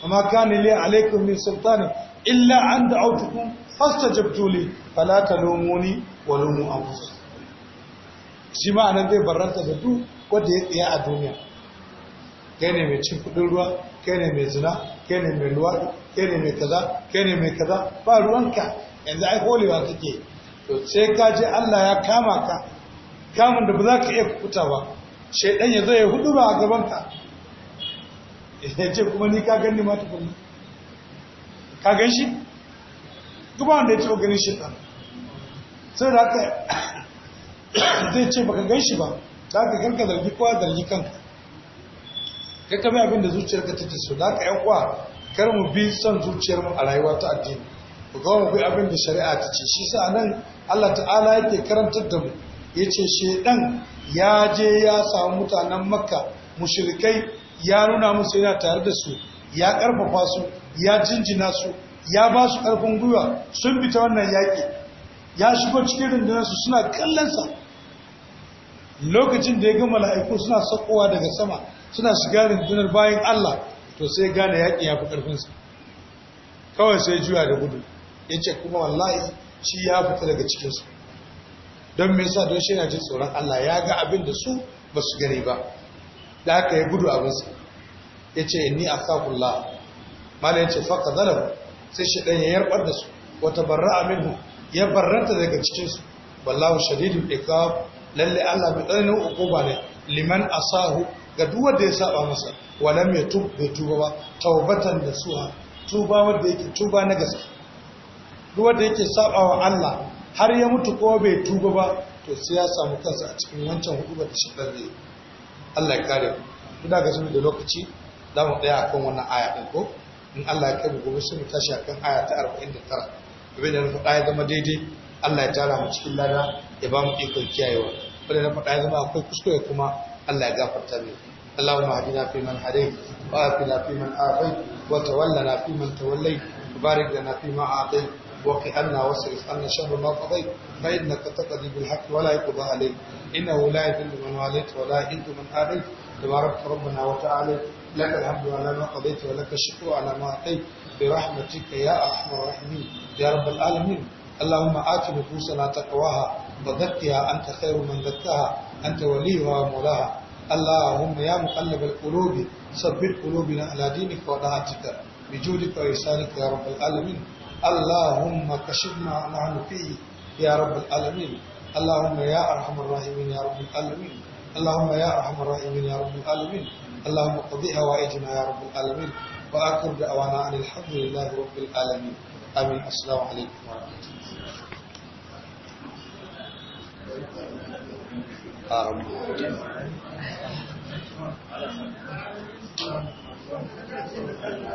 S1: amma kana li alaykum min sultani illa an da'awtukum fastajabtu li fala talumuni wa lumu anfusakum shi ma zai barranta da duk wanda ya tsaya a duniya kai ne mai cin kudin ruwa kai ne mai zina kai ne mai luwaɗi kai ne mai kaza kai ne mai kaza ba ruwanka yanzu ai holewa kake to sai ka je Allah ya kama ka kamun da ba za ka iya ba. shaidan ya zo ya hudu ba a gabanka ya ce kuma ni ka ganni ma tukunna ka gan shi kuma wanda ya ce ganin shi ɗan sai da haka zai ce baka gan shi ba za ka ganka zargi kowa zargi kanka kai kame abin da ka take so da haka yan kwa kar mu bi son zuciyar mu a rayuwa ta addini ku ga mu bi abin da shari'a ta ce shi sa nan Allah ta'ala yake karantar da mu yace shedan ya je ya samu mutanen makka mushrikai ya nuna musu yana tare da su ya karfafa su ya jinjina su ya ba su karfin gwiwa sun fita wannan yaƙi ya shigo cikin su suna kallonsa lokacin da ya gama mala'iku suna sakowa daga sama suna shiga rundunar bayan Allah to sai gane yaƙi ya fi karfinsa kawai sai juya da gudu ya ce kuma wallahi shi ya fita daga cikinsu don me yasa don shi yana jin tsoron Allah ya ga abin da su ba su gani ba da haka ya gudu abinsa ya ce ni a sakullah mala ya ce faka zalar sai shaɗan ya yarbar da su wata barra aminu ya barranta daga cikinsu wallahu shadidul iqab lalle Allah bi tsananin hukuma ne liman asahu ga duwar da ya saba masa walam yatub bi tuba ba taubatan da suha tuba wadda yake tuba na gaske duwar da yake saba wa Allah har ya mutu ko bai tuba ba to sai ya samu kansa a cikin wancan ba da shi zai Allah ya kare ku da ga da lokaci za mu tsaya akan wannan aya din ko in Allah ya kai mu gobe sunu tashi akan aya ta 49 abin da na faɗa ya zama daidai Allah ya tara mu cikin lada ya ba mu ikon kiyayewa wanda na faɗa ya zama akwai kuskure kuma Allah ya gafarta mu اللهم اهدنا man هديت wa فيمن fi man فيمن barik lana fi ma أعطيت وكأن عنا واصرف عنا شر ما قضيت فإنك تقضي بالحق ولا يقضى عليك إنه لا يذل من واليت ولا يهد من آذيت تبارك ربنا وتعالى لك الحمد على ما قضيت ولك الشكر على ما أعطيت برحمتك يا أرحم الراحمين يا رب العالمين اللهم آت نفوسنا تقواها وزكها أنت خير من زكاها أنت وليها ومولاها اللهم يا مقلب القلوب ثبت قلوبنا على دينك وطاعتك بجودك وإحسانك يا رب العالمين اللهم كشفنا ما نحن فيه يا رب العالمين اللهم يا أرحم الراحمين يا رب العالمين اللهم يا أرحم الراحمين يا رب العالمين اللهم قضي هوائجنا يا رب العالمين واكرم دعوانا عن الحمد لله رب العالمين آمين السلام عليكم ورحمة الله